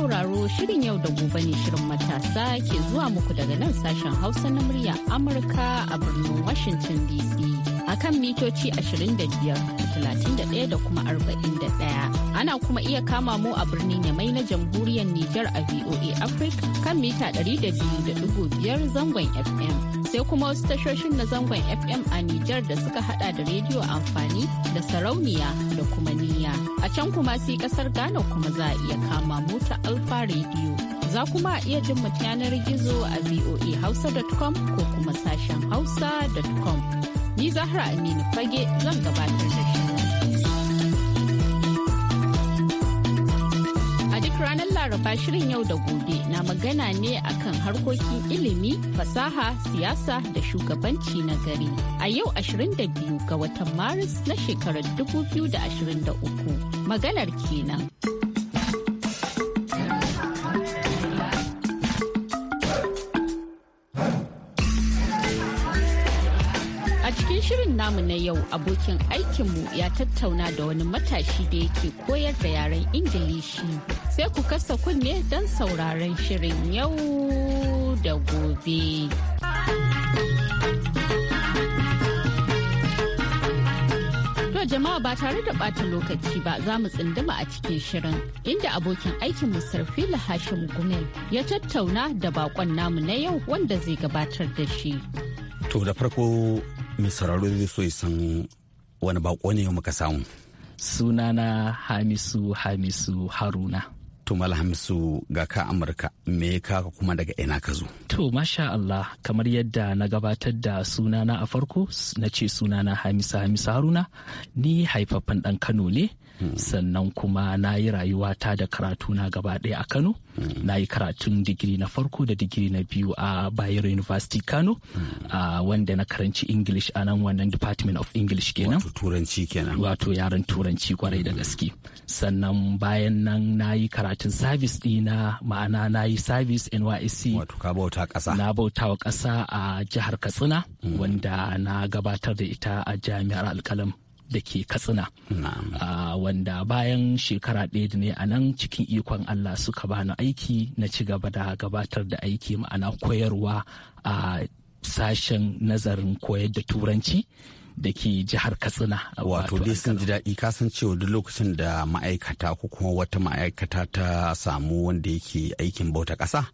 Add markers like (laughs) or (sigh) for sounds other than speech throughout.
sauraro shirin yau da gobe ne shirin matasa ke zuwa muku daga nan sashen Hausa na murya Amurka a birnin Washington DC. a kan mitoci 25,31 da kuma 41. Ana kuma iya kama mu a birnin Yamai na jamhuriyar Nijar a VOA Africa kan mita 200.5 zangon FM. Sai kuma wasu tashoshin na zangon FM a Nijar da suka hada da rediyo amfani da sarauniya da kuma niya A can kuma sai kasar Ghana kuma za a iya kama mu Alpha Radio. Za kuma iya jin mu yanar gizo a voahausa.com ko kuma sashen hausa.com. Ni Zahra Aminu Fage zan gabatar da shi. A duk ranar Laraba shirin yau da gobe na magana ne akan harkokin ilimi, fasaha, siyasa da shugabanci na gari. A yau 22 ga watan Maris na shekarar 2023. Maganar kenan. namu na yau abokin aikinmu ya tattauna da wani matashi da yake koyar da yaren Ingilishi. Sai ku kasa kunne don sauraron shirin yau da gobe. To jama'a ba tare da ɓata lokaci ba za mu tsinduma a cikin shirin inda abokin aikin sarfila Hashim Gumel ya tattauna da bakon namu na yau wanda zai gabatar da shi. To da farko mai sauraro zai so san wani bako ne muka samu sunana hamisu hamisu haruna Tumal hamisu ga ka amurka me ka kuma daga ina ka zo to masha Allah kamar yadda na gabatar da sunana a farko na ce sunana hamisu hamisu haruna ni haifaffen ɗan kano ne sannan kuma na yi rayuwata da karatu na gaba ɗaya a kano na yi karatun digiri na farko da digiri na biyu a bayero university kano wanda na karanci english a nan wannan department of english kenan wato turanci kenan wato yaren turanci kwarai da gaske sannan bayan nan na yi karatun service ɗina ma'ana na yi service nysc wato ka bauta ƙasa na bauta wa ƙasa a jihar katsina mm. wanda na gabatar da ita a jami'ar alkalam da ke katsina ah, wanda bayan shekara ɗaya ne a nan cikin ikon allah suka bani aiki na ci gaba da gabatar da aiki ma'ana koyarwa a sashen nazarin koyar da turanci da ke jihar katsina wato dai sun ji daɗi kasan cewa duk lokacin da ma'aikata ko kuma wata ma'aikata ta samu wanda yake aikin bauta ƙasa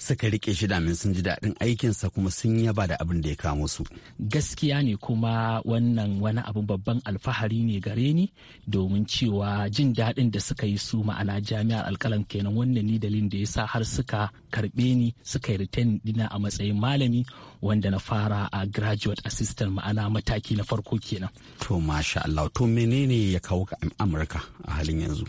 suka rike shi damin sun ji daɗin aikinsa kuma sun yaba da abin da ya kamo su. Gaskiya ne kuma wannan wani abin babban alfahari ne gare ni domin cewa jin daɗin da suka yi su ma'ana jami'ar alkalam kenan wannan ni dalilin da ya sa har suka karɓe ni suka yi retain dina a matsayin malami wanda na fara a graduate assistant ma'ana mataki na farko kenan. To masha Allah to menene ya kawo ka Amurka a halin yanzu?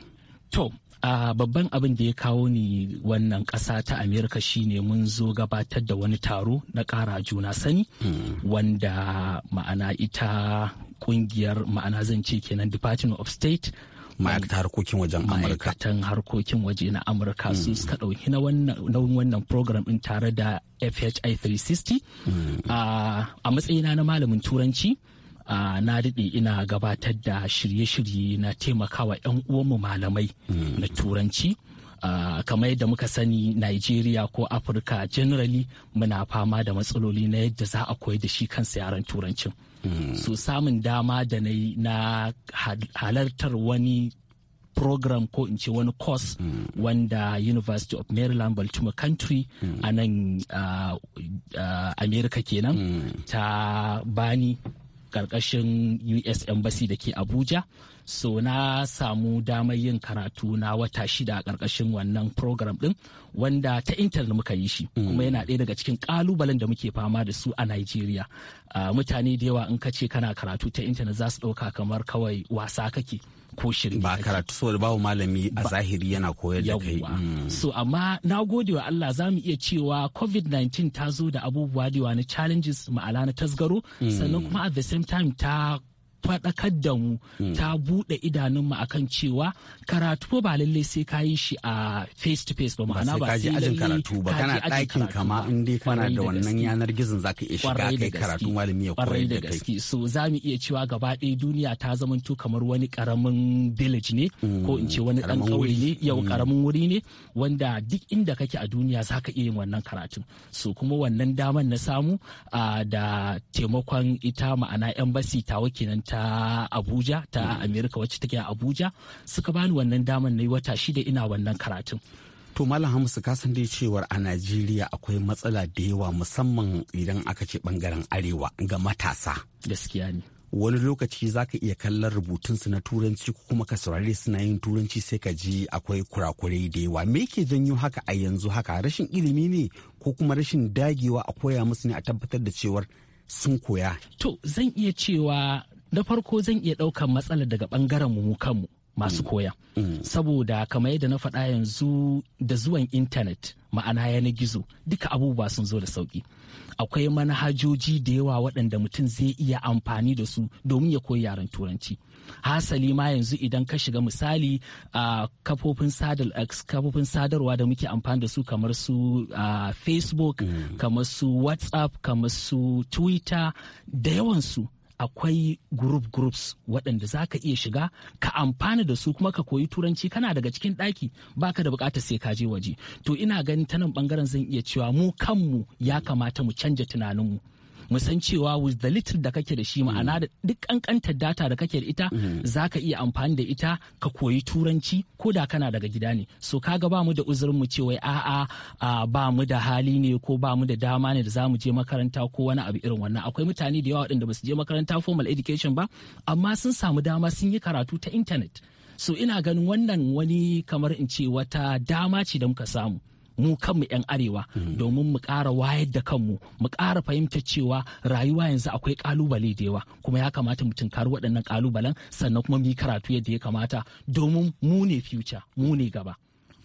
To a babban abin da ya kawo ni wannan ƙasa ta amerika shine mun zo gabatar da wani taro na ƙara juna sani hmm. wanda ma'ana ita ƙungiyar ma'ana zan ce kenan department of state ma'aikatan harkokin wajen amurka ma'aikatan harkokin waje na amurka su hmm. suka ɗauki na wannan program ɗin tare da fhi 360 hmm. ah, a matsayina na malamin turanci na daɗe ina gabatar da shirye-shirye na taimakawa 'yan uwanmu malamai mm. na turanci kamar yadda muka sani Najeriya ko Afirka generally muna fama da matsaloli na yadda za a koyar da shi kansa yaran turancin. Mm. So samun dama da na na halartar wani program ko in ce wani course mm. wanda University of Maryland Baltimore Country mm. a nan uh, uh, America kenan ta bani karkashin us embassy da ke abuja so na samu damar yin karatu na wata shida a karkashin wannan program din wanda ta intanet muka yi shi mm. kuma yana ɗaya daga cikin kalubalen da muke fama da su a nigeria ah, mutane da yawa in ka ce kana karatu ta intanet za su ɗauka kamar kawai wasa kake ko shirme ba karatu saboda babu malami a zahiri yana koyar da kai mm. so amma na gode wa Allah zamu iya cewa covid-19 ta zo da abubuwa da na challenges ma'ala na tasgaro mm. sannan kuma at the same time ta faɗakar da mu hmm. ta buɗe idanunmu akan cewa karatu ba lallai sai ka yi shi a face to face ba ma'ana ba sai ajin karatu ba kana ɗakin kama in dai kana da wannan yanar gizon za ka iya shiga kai karatu malami ya koyar da kai so za mu iya cewa gaba ɗaya duniya ta zamanto kamar wani karamin village ne hmm. ko in ce wani ɗan ƙauye ne yau karamin hmm. wuri ne wanda duk inda kake a duniya zaka iya yin wannan karatun so kuma wannan daman na samu ah, da taimakon ita ma'ana embassy ta kenan ta abuja ta amerika wacce take a abuja suka bani wannan daman na yi wata shida ina wannan karatun to malam hamisu ka san dai cewar a najeriya akwai matsala da yawa musamman idan aka ce bangaren arewa ga matasa gaskiya ne wani lokaci za ka iya kallon rubutunsu na turanci ko kuma ka saurare suna yin turanci sai ka ji akwai kurakurai da yawa me ke janyo haka a yanzu haka rashin ilimi ne ko kuma rashin dagewa a koya musu ne a tabbatar da cewar sun koya to zan iya cewa Na farko zan iya ɗaukan matsalar daga ɓangaren mu kanmu masu mm. koya mm. saboda kamar yadda na faɗa yanzu da zuwan intanet ma'ana yanar gizo duka abubuwa sun zo da sauƙi akwai manhajoji da yawa waɗanda mutum zai iya amfani da su domin ya koyi yaren turanci hasali ma yanzu idan ka shiga misali a kafofin sadarwa da muke amfani da su kamar su facebook mm. kamar su whatsapp kamar su twitter da yawansu akwai group groups waɗanda za ka iya shiga ka amfana da su kuma ka koyi turanci kana daga cikin ɗaki baka da buƙatar sai ka je waje to ina ganin ta nan ɓangaren zan iya cewa mu kanmu ya kamata mu canja tunaninmu mu san cewa with the little da kake da shi mm. ma'ana da duk kankantar data da kake da ita mm. za ka iya amfani da ita ka koyi turanci ko da kana daga gida ne so kaga ba mu da uzurin mu cewa a'a ba mu da hali ne ko ba mu da dama ne da zamu je makaranta ko wani abu irin wannan akwai mutane da yawa waɗanda ba su je makaranta formal education ba amma sun samu dama sun yi karatu ta internet so ina ganin wannan wani kamar in ce wata dama ce da muka samu mu kanmu 'yan arewa mm. domin mu ƙara wayar da kanmu mu ƙara fahimtar cewa rayuwa yanzu akwai ƙalubale da yawa kuma ya kamata mu tunkari waɗannan ƙalubalen sannan kuma mu karatu yadda ya kamata domin mu ne future mu ne gaba.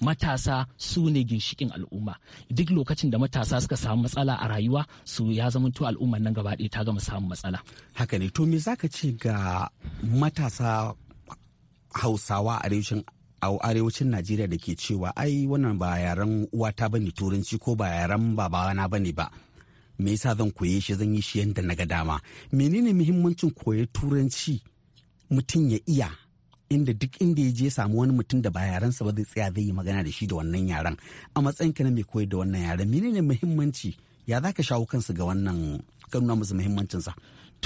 matasa su ne ginshikin al'umma duk lokacin da matasa suka samu matsala a rayuwa su ya zama zamanto al'umman nan gaba ɗaya ta gama samun matsala haka ne to me zaka ce ga matasa hausawa a reshen a arewacin najeriya da ke cewa ai wannan ba yaren uwata bane turanci ko ba yaren babana bane ba me yasa zan koye shi zan yi shi yadda na ga dama menene muhimmancin koye turanci mutum ya iya inda duk inda ya je samu wani mutum da ba yarensa ba zai tsaya zai yi magana da shi da wannan yaren a matsayin ka na mai koyar da wannan yaren menene muhimmanci ya zaka shawo kansu ga wannan ka nuna musu muhimmancinsa. sa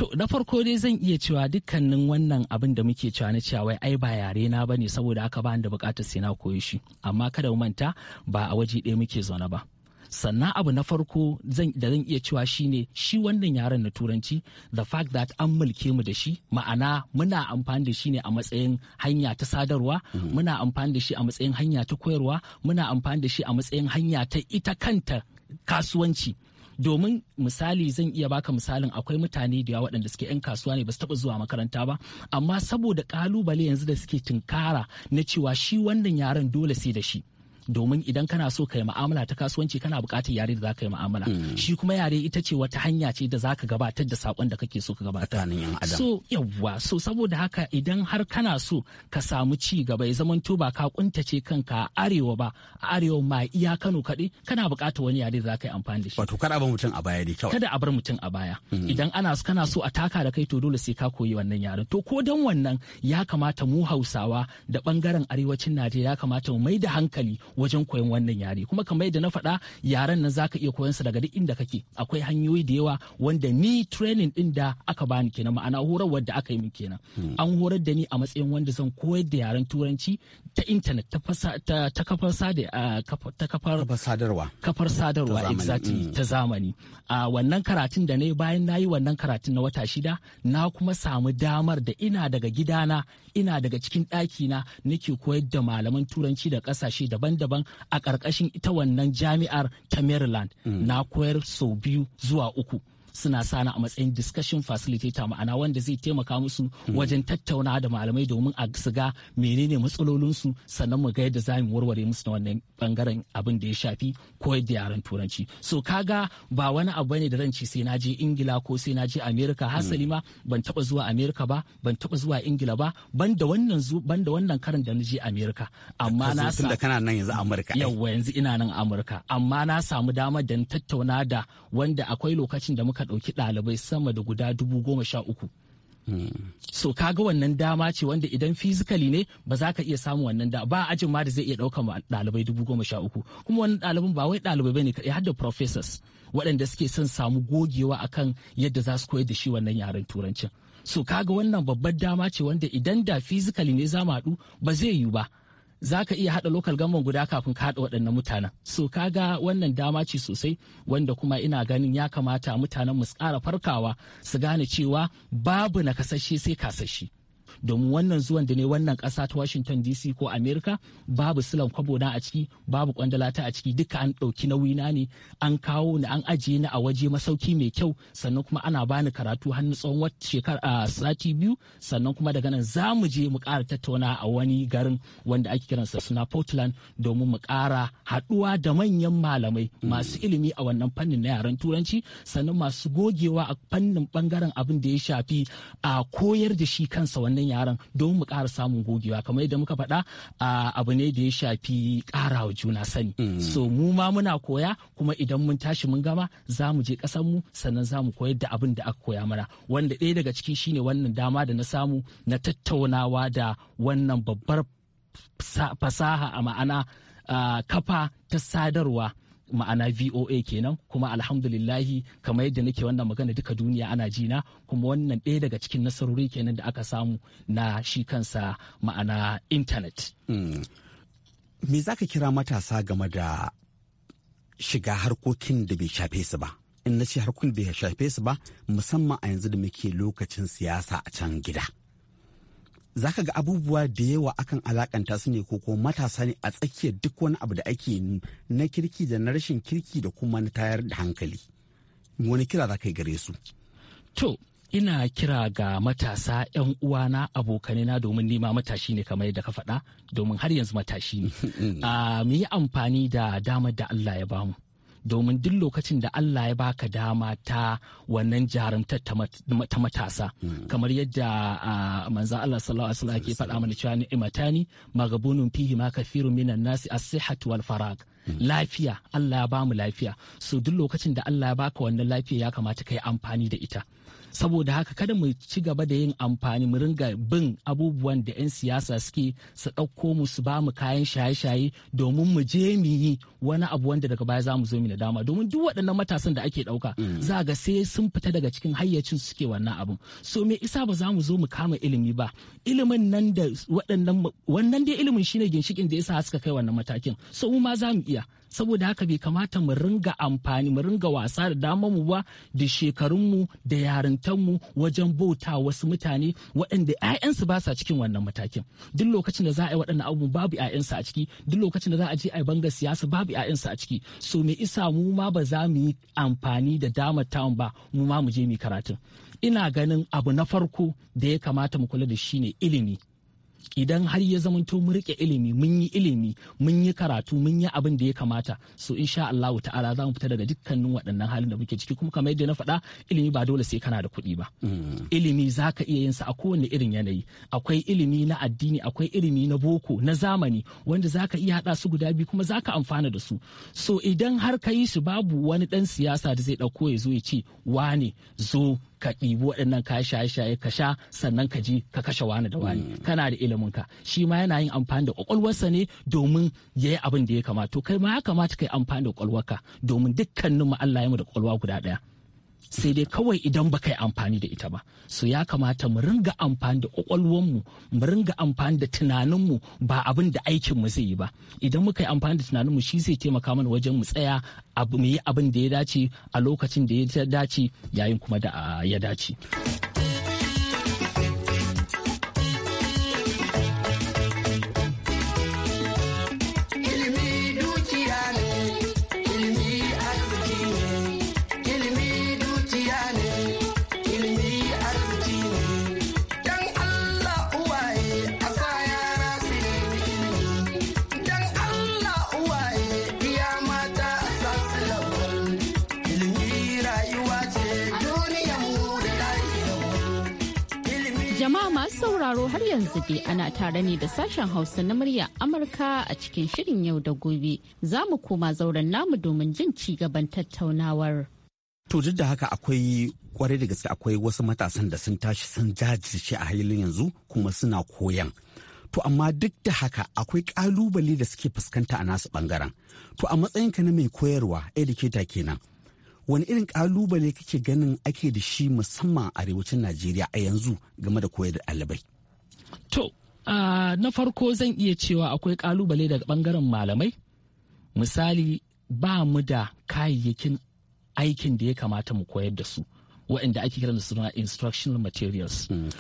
To na farko dai zan iya cewa dukkanin wannan abin da muke cewa na cewa wai ai ba yare na bane saboda aka ba da bukatar sai na koyi shi amma kada mu manta ba a waje ɗaya muke zaune ba. sannan abu na farko da zan iya cewa shine shi wannan yaren na turanci the fact that an mulke mu da shi ma'ana muna amfani da shi ne a matsayin hanya ta sadarwa mm-hmm. muna amfani da shi a matsayin hanya ta koyarwa muna amfani da shi a matsayin hanya ta ita kanta kasuwanci domin misali zan iya baka misalin akwai mutane da yawa waɗanda suke 'yan kasuwa ne ba su taɓa zuwa makaranta ba amma saboda ƙalubale yanzu da suke tunkara na cewa shi wannan yaren dole sai da shi domin idan kana so ka yi ma'amala ta kasuwanci kana buƙatar yare da za ka yi mu'amala mm. shi kuma yare ita ce wata hanya ce da za ka gabatar da sakon da kake so ka gabatar so yawwa so saboda haka idan har kana so ka samu ci gaba ya zaman ba ka kuntace kanka a arewa ba a arewa ma iya Kano kaɗai kana buƙatar wani yare da za ka yi amfani da shi wato kada a bar mutum a baya dai kada a bar mutum a baya mm. idan ana so kana so a taka da kai to dole sai ka koyi wannan yaren to ko dan wannan ya kamata mu Hausawa da bangaren arewacin Najeriya ya kamata mu mai da hankali wajen koyon wannan yare kuma kamar yadda na faɗa yaren nan zaka iya koyon sa daga duk inda kake akwai hanyoyi da yawa wanda ni training din da aka bani kenan ma'ana horarwar da aka yi min kenan hmm. an horar da ni a matsayin wanda zan koyar da yaren turanci ta intanet ta kafar sadarwa kafar sadarwa exactly hmm. ta zamani a wannan karatun da na yi bayan na yi wannan karatun na wata shida na kuma samu damar da ina daga gidana ina daga cikin ɗakina na nake koyar da malaman turanci da ƙasashe daban-daban a ƙarƙashin ita wannan jami'ar ta Maryland mm. na koyar sau biyu zuwa uku suna sana a matsayin discussion facilitator ma'ana wanda zai taimaka musu hmm. wajen tattauna da malamai domin a su ga menene matsalolinsu sannan mu ga yadda za mu warware musu na wannan bangaren abin da ya shafi koyar da yaran turanci so kaga ba wani abu ne da ranci sai na je ingila ko sai na je america hasali hmm. ma ban taba zuwa america ba ban taba zuwa ingila ba ban da wannan zu ban da wannan karin da na je america amma na sa tunda kana nan yanzu amurka yawa yanzu ina nan amurka amma na samu damar da tattauna da wanda akwai lokacin da muka aka ɗauki ɗalibai sama da guda dubu goma sha uku. Hmm. So kaga wannan dama ce wanda idan fizikali ne ba za ka iya samun wannan da ba ajin ma da zai iya ɗaukan ɗalibai dubu goma sha uku kuma wani ɗalibin ba wai ɗalibai bane kaɗai har da professors waɗanda suke son samu gogewa akan yadda za su koyar da shi wannan yaren turancin. So kaga wannan babbar dama ce wanda idan da fizikali ne za mu haɗu ba zai yiwu ba za ka iya haɗa local government guda kafin ka haɗa waɗannan mutanen so ga wannan dama ce sosai wanda kuma ina ganin ya kamata mutanen mu ƙara farkawa su gane cewa babu na kasashe sai kasashe domin wannan zuwan da ne wannan ƙasa ta washington dc ko Amerika babu silan kwabo na a ciki babu kwandala ta a ciki duka an ɗauki nauyi na ne an kawo ni an ajiye ni a waje masauki mai kyau sannan kuma ana bani karatu hannu tsawon wata shekara ah, sati biyu sannan kuma daga nan za mu je mu ƙara tattauna a wani garin wanda ake kiran sa suna portland domin mu ƙara haɗuwa da manyan malamai masu ilimi a wannan fannin na yaren turanci sannan masu gogewa a fannin bangaren abin da ya shafi a ah, koyar da shi kansa wannan ƙananan yaran don mu ƙara samun gogewa kamar yadda muka faɗa abu ne da ya shafi ƙara wa juna sani mm. so mu ma muna koya kuma idan mun tashi mun gama za mu je kasan mu sannan za mu koyar da abin da aka koya mana wanda ɗaya daga ciki shine wannan dama da na samu na tattaunawa da wannan babbar fasaha a ma'ana kafa ta sadarwa ma'ana VOA kenan kuma alhamdulillahi kamar yadda nake wannan magana duka duniya ana jina kuma wannan ɗaya daga cikin nasarori kenan da aka samu na shi kansa ma'ana intanet. Hmm. Me za ka kira matasa game da shiga harkokin da bai shafe su ba? In na ce harkokin bai shafe su ba musamman a yanzu da muke lokacin siyasa a can gida. zaka ga abubuwa da yawa akan alakanta su ne ko kuma matasa ne a tsakiyar duk wani abu da ake na kirki da na rashin kirki da kuma na tayar da hankali wani kira za ka yi gare su to ina kira ga matasa 'yan uwana abokanina domin nema matashi ne kamar yadda ka faɗa domin har yanzu matashi ne (laughs) mm. ah, mu yi amfani da damar da Allah ya bamu domin duk lokacin da Allah ya baka dama ta wannan jarumta ta matasa hmm. kamar yadda manzo Allah sallallahu alaihi wasallam ke faɗa mana cewa ni'matani magabunun fihi ma kafirun minan nasi as-sihhatu wal farag hmm. lafiya Allah ya bamu lafiya so duk lokacin da Allah ya baka wannan lafiya ya kamata kai amfani da ita saboda haka kada mu ci gaba da yin amfani mu ringa bin abubuwan da 'yan siyasa suke su ɗauko mu su ba mu kayan shaye-shaye domin mu je mu yi wani abu wanda daga baya za mu zo mu da dama domin duk waɗannan matasan da ake ɗauka mm. za ga sai sun fita daga cikin hayyacin suke wannan abun so me isa ba za mu zo mu kama ilimi ba ilimin nan da waɗannan wannan dai ilimin shine ginshikin da yasa suka kai wannan matakin so mu ma za mu iya saboda haka bai kamata mu ringa amfani mu ringa wasa da damar mu ba da shekarunmu da yarintanmu wajen bauta wasu mutane waɗanda 'ya'yansu ba sa cikin wannan matakin duk lokacin da za a yi waɗannan abubuwan babu 'ya'yansu a ciki duk lokacin da za a je a yi bangar siyasa babu 'ya'yansu a ciki so me isa mu ma ba za mu yi amfani da damar tamu ba mu ma mu je mu karatun ina ganin abu na farko da ya kamata mu kula da shi ne ilimi idan har ya zamanto mu rike ilimi mun yi ilimi mun yi karatu mun yi abin da ya kamata so insha Allah ta'ala za mu fita daga dukkanin waɗannan halin da muke ciki kuma kamar yadda na faɗa ilimi ba dole sai kana da kuɗi ba hmm. ilimi zaka iya yin sa a kowane irin yanayi akwai ilimi na addini akwai ilimi na boko na zamani wanda zaka iya hada su guda biyu kuma za ka amfana da su so idan har ka yi su babu wani dan siyasa da zai ɗauko ya zo ya ce wane zo ka ɗibi waɗannan kayan shaye-shaye ka sha sannan ka ji ka kashe wani da wani mm. kana da ilimin ka shi ma yana yin amfani da kwakwalwarsa ne domin ya yi abin da ya kamata to kai ma ya kamata ka yi amfani da kwakwalwarka domin dukkanin mu Allah ya mu da kwakwalwa guda ɗaya sai dai kawai idan ba yi amfani da ita ba so ya kamata mu ringa amfani da kwakwalwanmu mu ringa amfani da tunaninmu ba abin da aikinmu zai yi ba idan muka yi amfani da tunaninmu shi zai taimaka mana wajen mu tsaya mu yi abin da ya dace a lokacin da ya dace yayin kuma da ah, ya dace. Jama'a masu sauraro har yanzu dai ana tare ne da sashen Hausa na murya Amurka a cikin shirin yau da gobe. Za mu koma zauren namu domin jin ci gaban tattaunawar. To duk da haka akwai kwarai da gaske akwai wasu matasan da sun tashi sun jajirce a halin yanzu kuma suna koyan. To amma duk da haka akwai kalubale da suke fuskanta a nasu bangaren. To a matsayinka na mai koyarwa educator kenan wani irin kalubale kake ganin ake da shi musamman a arewacin najeriya a yanzu game da koyar da ɗalibai to na farko zan iya cewa akwai kalubale daga bangaren malamai misali ba mu da kayayyakin aikin da ya kamata mu koyar da su waɗanda ake kiran da suna instructional materials mm,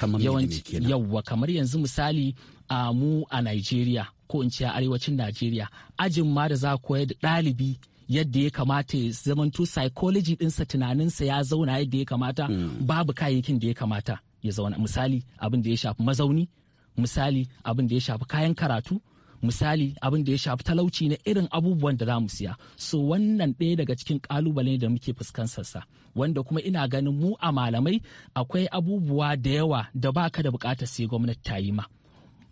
yawa kamar yanzu misali a mu a Najeriya ko in ce a arewacin Najeriya ajin ma da za koyar da ɗalibi yadda ya kamata ya zamanto psychology ɗinsa tunaninsa ya zauna yadda ya kamata hmm. babu kayayyakin da ya kamata ya zauna misali abin da ya shafi mazauni misali abin da ya shafi kayan karatu misali abin da ya shafi talauci na irin abubuwan da za mu siya so wannan ɗaya daga cikin ƙalubale da muke fuskantar sa wanda kuma ina ganin mu a malamai akwai abubuwa da yawa da baka da buƙatar sai gwamnati ta yi ma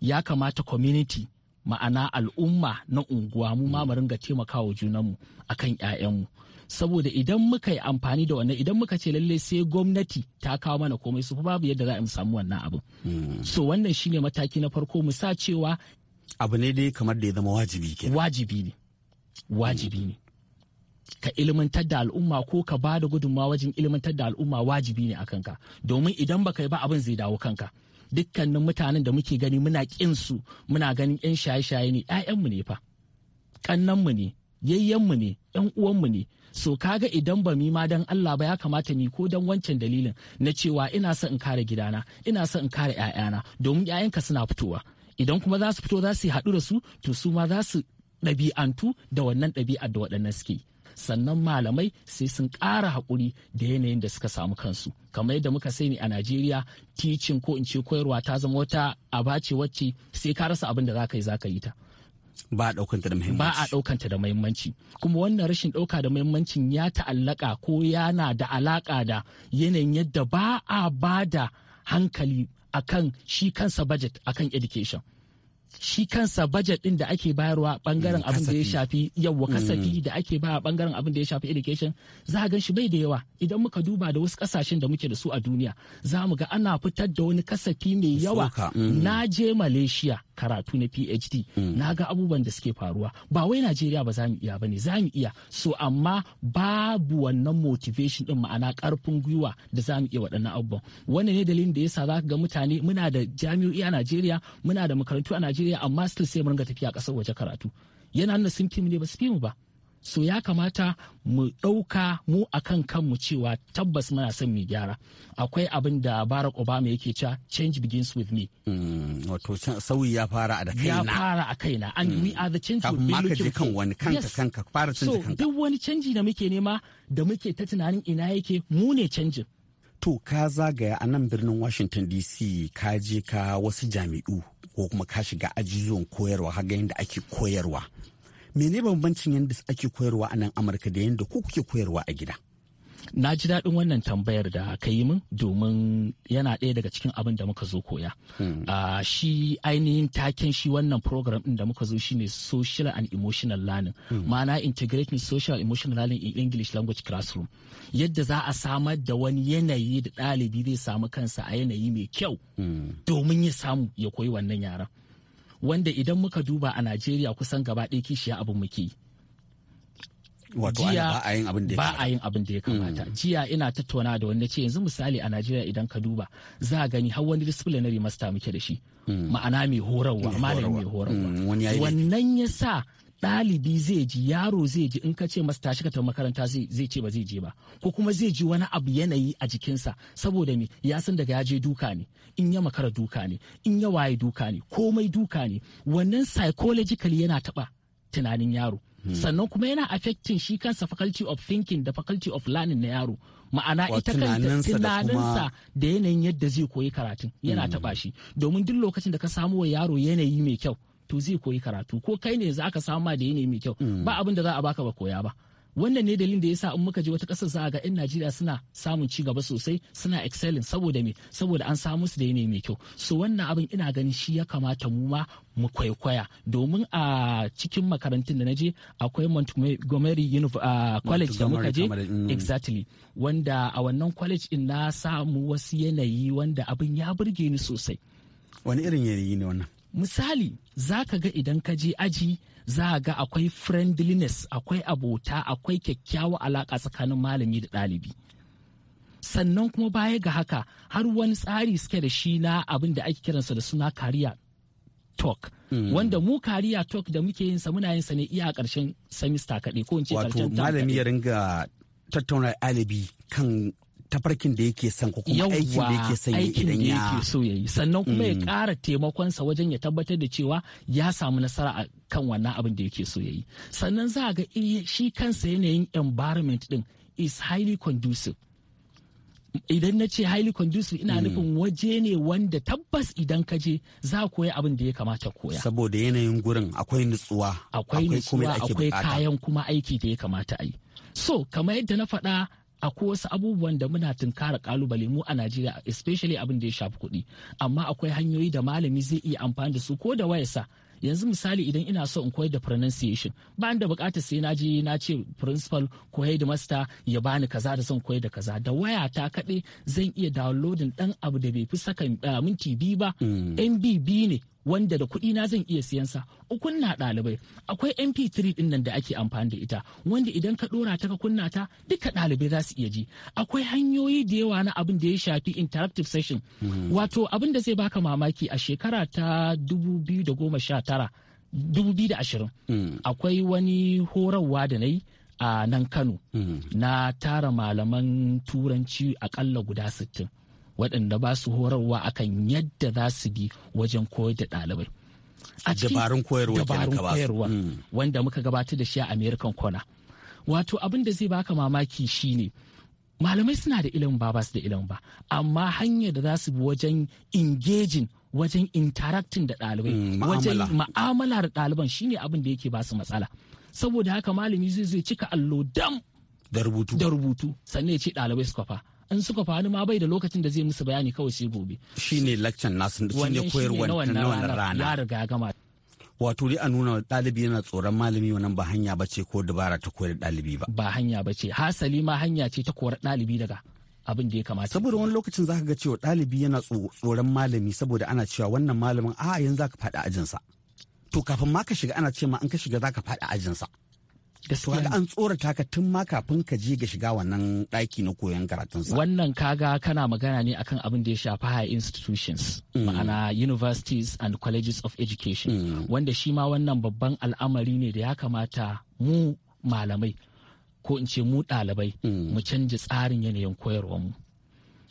ya kamata community ma'ana al'umma na unguwa mu ma mu ringa taimakawa junanmu akan 'ya'yanmu saboda idan muka yi amfani da wannan idan muka ce lallai sai gwamnati ta kawo mana komai su babu yadda za a samu wannan abu hmm. so wannan shine mataki na farko mu sa cewa abu ne dai kamar da ya zama wajibi ke wajibi ne wajibi ne ka ilmantar da al'umma ko ka ba da gudunmawa wajen ilmantar da al'umma wajibi ne a kanka domin idan baka yi ba abin zai dawo kanka dukkanin mutanen da muke gani muna kin su muna ganin yan shaye-shaye ne ƴaƴanmu ne fa Ƙannanmu ne yayyanmu ne yan uwanmu ne so kaga idan ba mi ma dan Allah ba ya kamata mi ko dan wancan dalilin na cewa ina son in kare gidana ina son in kare ƴaƴana domin ƴaƴanka suna fitowa idan kuma za su fito za su haɗu da su to su ma za su ɗabi'antu da wannan ɗabi'ar da waɗannan suke sannan malamai sai sun ƙara haƙuri da yanayin da suka samu kansu kamar yadda muka sani a najeriya ticin ko in ce koyarwa ta zama wata a wacce sai ka rasa abin da za ka yi za ka yi ta ba a ɗaukanta da muhimmanci ba a ɗaukanta da muhimmanci kuma wannan rashin ɗauka da muhimmancin ya ta'allaka ko yana da alaƙa da yanayin yadda ba a ba da hankali akan shi kansa budget akan education shi kansa budget din da ake bayarwa bangaren abin da ya shafi yawwa mm. kasafi da ake ba bangaren abin da ya shafi education za a gan shi bai da yawa idan muka duba da wasu kasashen da muke da su a duniya za mu ga ana fitar da wani kasafi mai yawa mm. na je malaysia karatu na phd mm. na ga abubuwan da suke faruwa ba wai najeriya ba za mu iya bane za mu iya so amma babu wannan motivation din ma'ana karfin gwiwa da za mu iya waɗannan abubuwan wannan ne dalilin da yasa zaka ga mutane muna da jami'o'i a najeriya muna da makarantu a najeriya amma still sai mun ga tafiya ƙasar waje karatu yana nan sun fi ne ba su fi mu ba so ya kamata mu ɗauka mu a kan kanmu cewa tabbas muna son mu gyara akwai abin da barack obama yake cewa change begins with me mm, wato sauyi ya fara a da kaina ya fara a kaina and we mm. are the change we looking kan wani kanka kanka fara canji kanka so duk wani canji da muke nema da muke ta tunanin ina yake mu ne canjin to ka zagaya a nan birnin washington dc ka je ka wasu jami'u ko kuma ka shiga ajizuwan koyarwa ka ga yadda ake koyarwa mene bambancin yadda ake koyarwa a nan amurka da yadda ku kuke koyarwa a gida na ji daɗin wannan tambayar da ka yi min domin yana ɗaya daga cikin abin da muka zo koya hmm. ah, shi ainihin taken shi wannan program ɗin da muka zo shine social and emotional learning hmm. ma'ana integrating social emotional learning in english language classroom yadda za a samar da wani yanayi da ɗalibi zai samu kansa a yanayi mai kyau hmm. domin ya samu ya koyi wannan yaran wanda idan muka duba a najeriya kusan gaba ɗaya kishiya abin muke wato ba a yin abin da ya kamata mm. jiya ina tattauna da wanda ce yanzu misali a najeriya idan ka duba za a gani har wani disciplinary master muke da shi mm. ma'ana mai horarwa malam mai horarwa mm, wannan ya sa ɗalibi zai ji yaro zai ji in ka ce masa tashi ka tafi makaranta zai ce ba zai je ba ko kuma zai ji wani abu yanayi a jikinsa saboda me ya san daga ya je duka ne in ya makara duka ne in ya waye duka ne komai duka ne wannan psychologically yana taɓa tunanin yaro hmm. sannan kuma yana affecting shi kansa faculty of thinking da faculty of learning na yaro ma'ana ita kanta tunaninsa da yanayin yadda zai koyi karatun yana hmm. taba shi domin duk lokacin da ka samu wa yaro yanayi mai kyau to zai koyi karatu ko kai ne za ka samu da yanayi mai kyau mm. ba abin da za a baka ba koya ba wannan ne dalilin da yasa sa in muka je wata ƙasar za a ga 'yan Najeriya suna samun ci gaba sosai suna excelling saboda me saboda an samu su da yanayi mai kyau so wannan abin ina ganin shi ya kamata mu ma mu kwaikwaya domin a cikin makarantun da naje je akwai Montgomery College da muka je mm. exactly wanda a wannan college in na samu wasu yanayi wanda abin ya burge ni sosai wani irin yanayi ne wannan misali za ka ga idan ka je aji za a ga akwai friendliness akwai abota akwai kyakkyawa alaka tsakanin malami da ɗalibi sannan kuma baya ga haka har wani tsari suke da shi na abin da ake kiransa da suna kariya talk mm. wanda mu kariya talk da muke yin sa muna yin sa ne iya ƙarshen semester kaɗai ko in ce wato malami ya ringa tattauna ɗalibi kan tafarkin da yake son ko kuma aikin da yake son idan ya so yayi sannan kuma ya mm. ƙara sa wajen ya tabbatar da cewa ya samu nasara a kan wannan abin da yake so yayi sannan za ga shi kansa yanayin environment din is highly conducive idan na ce highly conducive ina mm. nufin waje ne wanda tabbas idan ka je za koya abin da ya kamata koya saboda yanayin gurin akwai nutsuwa akwai nutsuwa akwai kayan kuma aiki da ya kamata a yi so kamar yadda na faɗa akwai wasu abubuwan da muna tunkara kalubale mu a Najeriya especially abin da ya shafi kuɗi amma akwai hanyoyi da malami zai iya amfani da su ko da wayarsa yanzu misali idan ina so in koyar da pronunciation ba da bukatar sai na je na ce principal ko master ya bani kaza da son koyar da kaza da waya ta kaɗai zan iya downloading dan abu da bai fi saka ah, minti biyu ba mb hmm. biyu ne wanda da kuɗi na zan iya siyan sa ukun na ɗalibai akwai mp3 din nan da ake amfani da ita wanda idan ka ɗora ta ka kunna ta duka ɗalibai za su iya ji akwai hanyoyi da yawa na abin da ya shafi interactive session hmm. wato abin da zai baka mamaki a shekara ta 2019 ashirin hmm. akwai wani horarwa da na yi a nan kano hmm. na tara malaman turanci akalla guda sittin. waɗanda ba su horarwa akan yadda za su bi wajen koyar da ɗalibai a dabarun koyarwa dabarun koyarwa hmm. wanda muka gabatar da shi a american corner wato abin da zai baka mamaki shine malamai suna da ilimin ba ba su da ilimin ba amma hanyar da za su bi wajen engaging wajen interacting da ɗalibai hmm, wajen ma'amala da ɗaliban shine abin da yake ba su matsala saboda haka malami zai zai cika allo dam da rubutu da rubutu sannan ya ce ɗalibai su fa. in suka faru ma bai da lokacin da zai musu bayani kawai sai gobe ne lakcan nasu shine koyarwar na wannan rana ya riga gama wato dai a nuna ɗalibi yana tsoron malami wannan ba hanya ba ce ko dabara ta koyar ɗalibi ba ba hanya ba ce hasali ma hanya ce ta koyar ɗalibi daga abin da ya kamata. Saboda wani lokacin zaka ga cewa ɗalibi yana tsoron malami saboda ana cewa wannan malamin a yanzu zaka faɗi ajinsa. To kafin ma ka shiga ana ce ma an ka shiga zaka faɗi ajinsa. gaskiya an tsorata ka tun ma kafin ka je ga shiga wannan ɗaki na koyon karatun sa wannan kaga kana magana ne akan abin da ya shafi high institutions mm. ma'ana universities and colleges of education mm. wanda shi ma wannan babban al'amari ne da ya kamata mu malamai ko in ce mu ɗalibai mm. mu canja tsarin yanayin koyarwar mu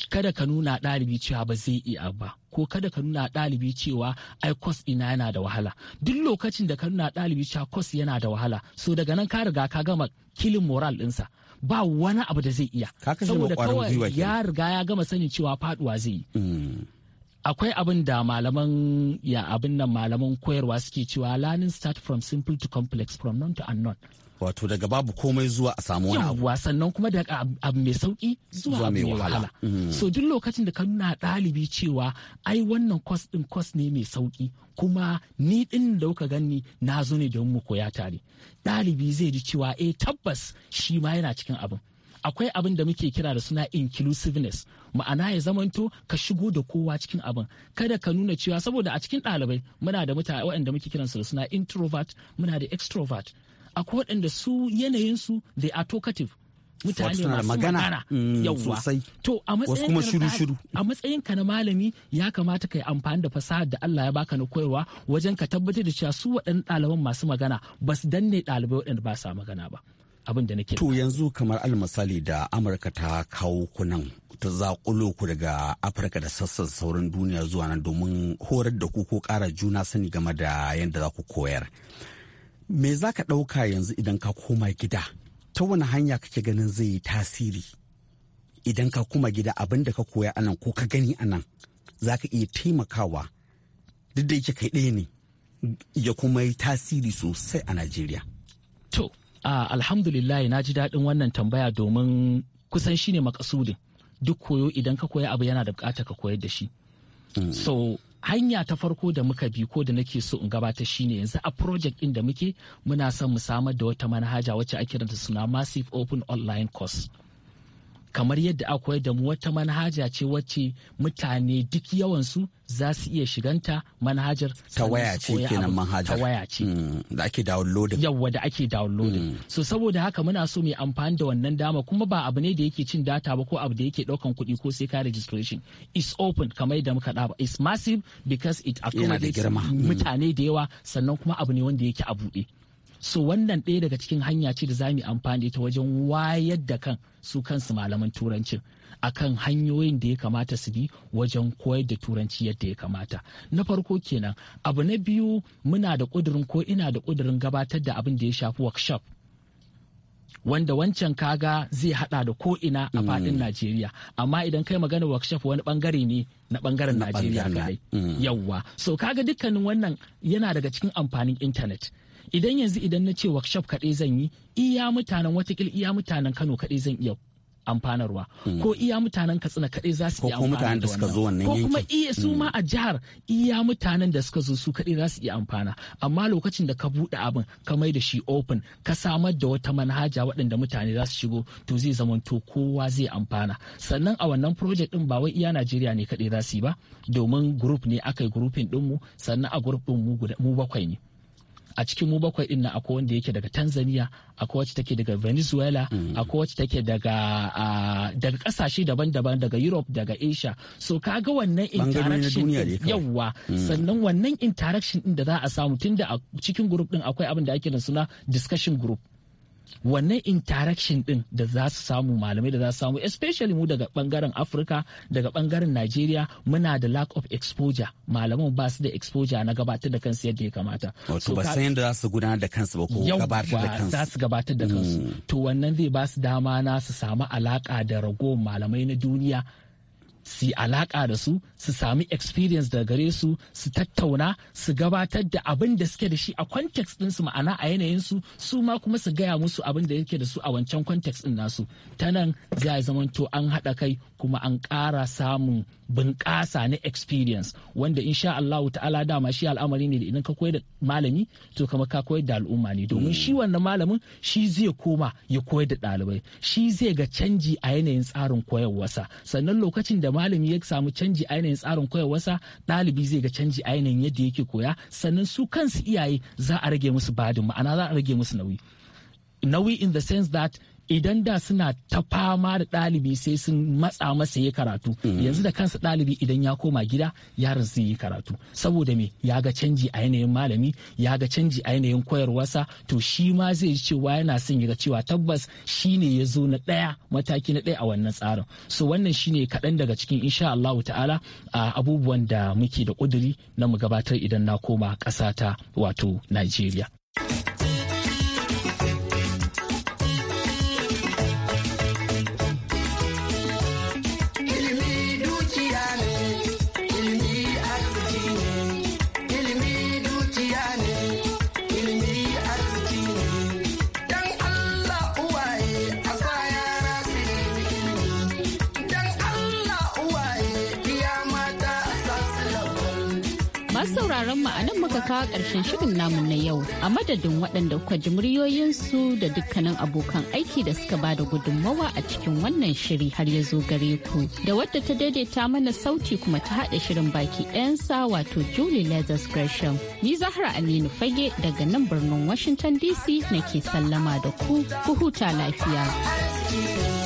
kada ka nuna ɗalibi cewa ba zai iya ba ko kada ka nuna ɗalibi cewa ai kwas ina yana da wahala duk lokacin da ka nuna ɗalibi cewa kwas yana da wahala so daga nan ka riga ka gama kilin moral ɗinsa ba wani abu da zai iya saboda kawai ya riga ya gama sanin cewa faduwa zai yi mm. akwai abin da malaman ya abin nan malaman koyarwa suke cewa learning start from simple to complex from non to unknown wato daga babu komai zuwa a samu wani abu sannan kuma daga abu mai sauki zuwa mai wahala mm-hmm. so duk lokacin da ka nuna ɗalibi cewa ai wannan kwas din kwas ne mai sauki kuma ni din da kuka gani na zo ne don mu koya tare ɗalibi zai ji cewa eh tabbas shi ma yana cikin abin akwai abin da muke kira da suna inclusiveness ma'ana ya zamanto ka shigo da kowa cikin abin kada ka nuna cewa saboda a cikin ɗalibai muna da mutane waɗanda muke kiransu da suna introvert muna da extrovert akwai waɗanda su yanayinsu they are talkative mutane masu magana mm, yauwa to a matsayin a ka na malami ya kamata ka yi amfani da fasahar da Allah ya baka na koyarwa wajen ka tabbatar da cewa su waɗannan ɗaliban masu magana ba su danne ɗalibai waɗanda ba sa magana ba abin da nake to yanzu kamar almasali da Amurka ta kawo kunan ta zakulo ku daga Afirka da sassan sauran duniya zuwa nan domin horar da ku ko ƙara juna sani game da yadda za ku koyar me za ka ɗauka yanzu idan ka koma gida ta wani hanya kake ganin zai yi tasiri idan ka koma gida abin da ka koya anan ko ka gani anan za ka iya taimakawa duk da yake kai ɗaya ne ya kuma yi tasiri sosai a najeriya to alhamdulillah na ji daɗin wannan tambaya domin kusan shine makasudin duk koyo idan ka koya abu yana da bukatar ka koyar da shi mm. so hanya ta farko da muka bi ko da nake so in gabata shine yanzu a project din da muke muna son mu samar da wata manhaja wacce ake kiranta suna massive open online course kamar yadda akwai da mu wata manhaja ce wacce mutane duk yawansu za su iya shiganta manhajar ta waya ce kenan manhajar ta waya ce da ake downloading yawa da ake downloading hmm. so saboda haka muna so mu amfani da wannan dama kuma ba abu ne da yake cin data ba ko abu da yake daukan kuɗi ko sai ka registration is open kamar yadda muka daba. is massive because it accommodates hmm. mutane da yawa sannan kuma abu ne wanda yake a buɗe so wannan ɗaya daga cikin hanya ce da za mu amfani ta wajen wayar da kan su kansu malaman turancin akan hanyoyin da ya kamata su bi wajen koyar da turanci yadda ya kamata na farko kenan abu na biyu muna da ƙudurin ko ina da ƙudurin gabatar da abin da ya shafi workshop wanda wancan kaga zai hada da ko ina a faɗin mm. Najeriya amma idan kai magana workshop wani bangare ne na bangaren Najeriya kai mm. yawwa so kaga dukkanin wannan yana daga cikin amfanin intanet idan yanzu idan na ce workshop kaɗai zan yi iya mutanen watakila iya mutanen kano kaɗai zan iya amfanarwa hmm. ko iya mutanen katsina kaɗai za su iya amfana da wannan ko kuma iya su ma hmm. a jihar iya mutanen da suka zo su kaɗai za su iya amfana amma lokacin da ka buɗe abin ka mai da shi open ka samar da wata manhaja waɗanda mutane za su shigo to zai zamanto kowa zai amfana sannan a wannan project din ba wai iya Najeriya ne kaɗai za su yi ba domin group ne aka yi grouping ɗinmu sannan a group ɗin mu bakwai ne a cikin mu bakwai din nan akwai wanda yake daga Tanzania akwai wacce take daga Venezuela mm. akwai wacce take daga daga kasashe daban-daban daga Europe daga Asia so kaga wannan interaction yawa mm. sannan wannan interaction din da za a samu tunda a cikin group din akwai abin da ake suna discussion group wannan interaction din da za su samu malamai da za su samu especially mu daga bangaren afirka daga bangaren najeriya muna da lack of exposure malaman ba su da exposure na gabatar da kansu yadda ya kamata wato ba san yadda za su gudanar da kansu ba ko gabatar da kansu za su gabatar da kansu hmm. to wannan zai ba su dama na su samu alaka da ragowar malamai na duniya su yi alaka da su su sami experience daga gare su su tattauna su gabatar da abin da suke da shi a context din su ma'ana a yanayin su su ma kuma su gaya musu abin da yake da su a wancan context din nasu ta nan za a zamanto an haɗa kai kuma an ƙara samun bunƙasa na experience wanda insha Allah ta'ala dama shi al'amari ne da idan ka koyar da malami to kama ka koyar da al'umma ne domin shi mm. wannan malamin shi zai koma ya koyar da ɗalibai shi zai ga canji a yanayin tsarin koyarwarsa sannan lokacin da malami ya samu canji a yanayin tsarin koyarwarsa ɗalibi zai ga canji a yanayin yadda yake koya sannan su kansu iyaye za a rage musu badin ma'ana za a rage musu nauyi nauyi in the sense that idan da suna ta fama da ɗalibi sai sun matsa masa ya karatu mm-hmm. yanzu da kansa ɗalibi idan ya koma gida yaron zai yi karatu saboda me ya ga canji a yanayin malami ya ga canji a yanayin koyarwarsa to shi ma zai ji cewa yana son ya ga cewa tabbas shi ne ya zo na ɗaya mataki na ɗaya a wannan tsarin so wannan shine kaɗan daga cikin insha Allahu ta'ala a abubuwan da muke da ƙuduri na mu gabatar idan na koma ƙasata wato Najeriya. ka ƙarshen shirin namu na yau a madadin waɗanda kuka ji muryoyinsu da dukkanin abokan aiki da suka bada gudunmawa a cikin wannan shiri har ya zo gare ku da wadda ta daidaita mana sauti kuma ta haɗa shirin baki ɗayansa wato Julie Lazarus Gresham. Ni Zahra Aminu Fage daga nan birnin Washington DC nake sallama da ku, ku huta lafiya.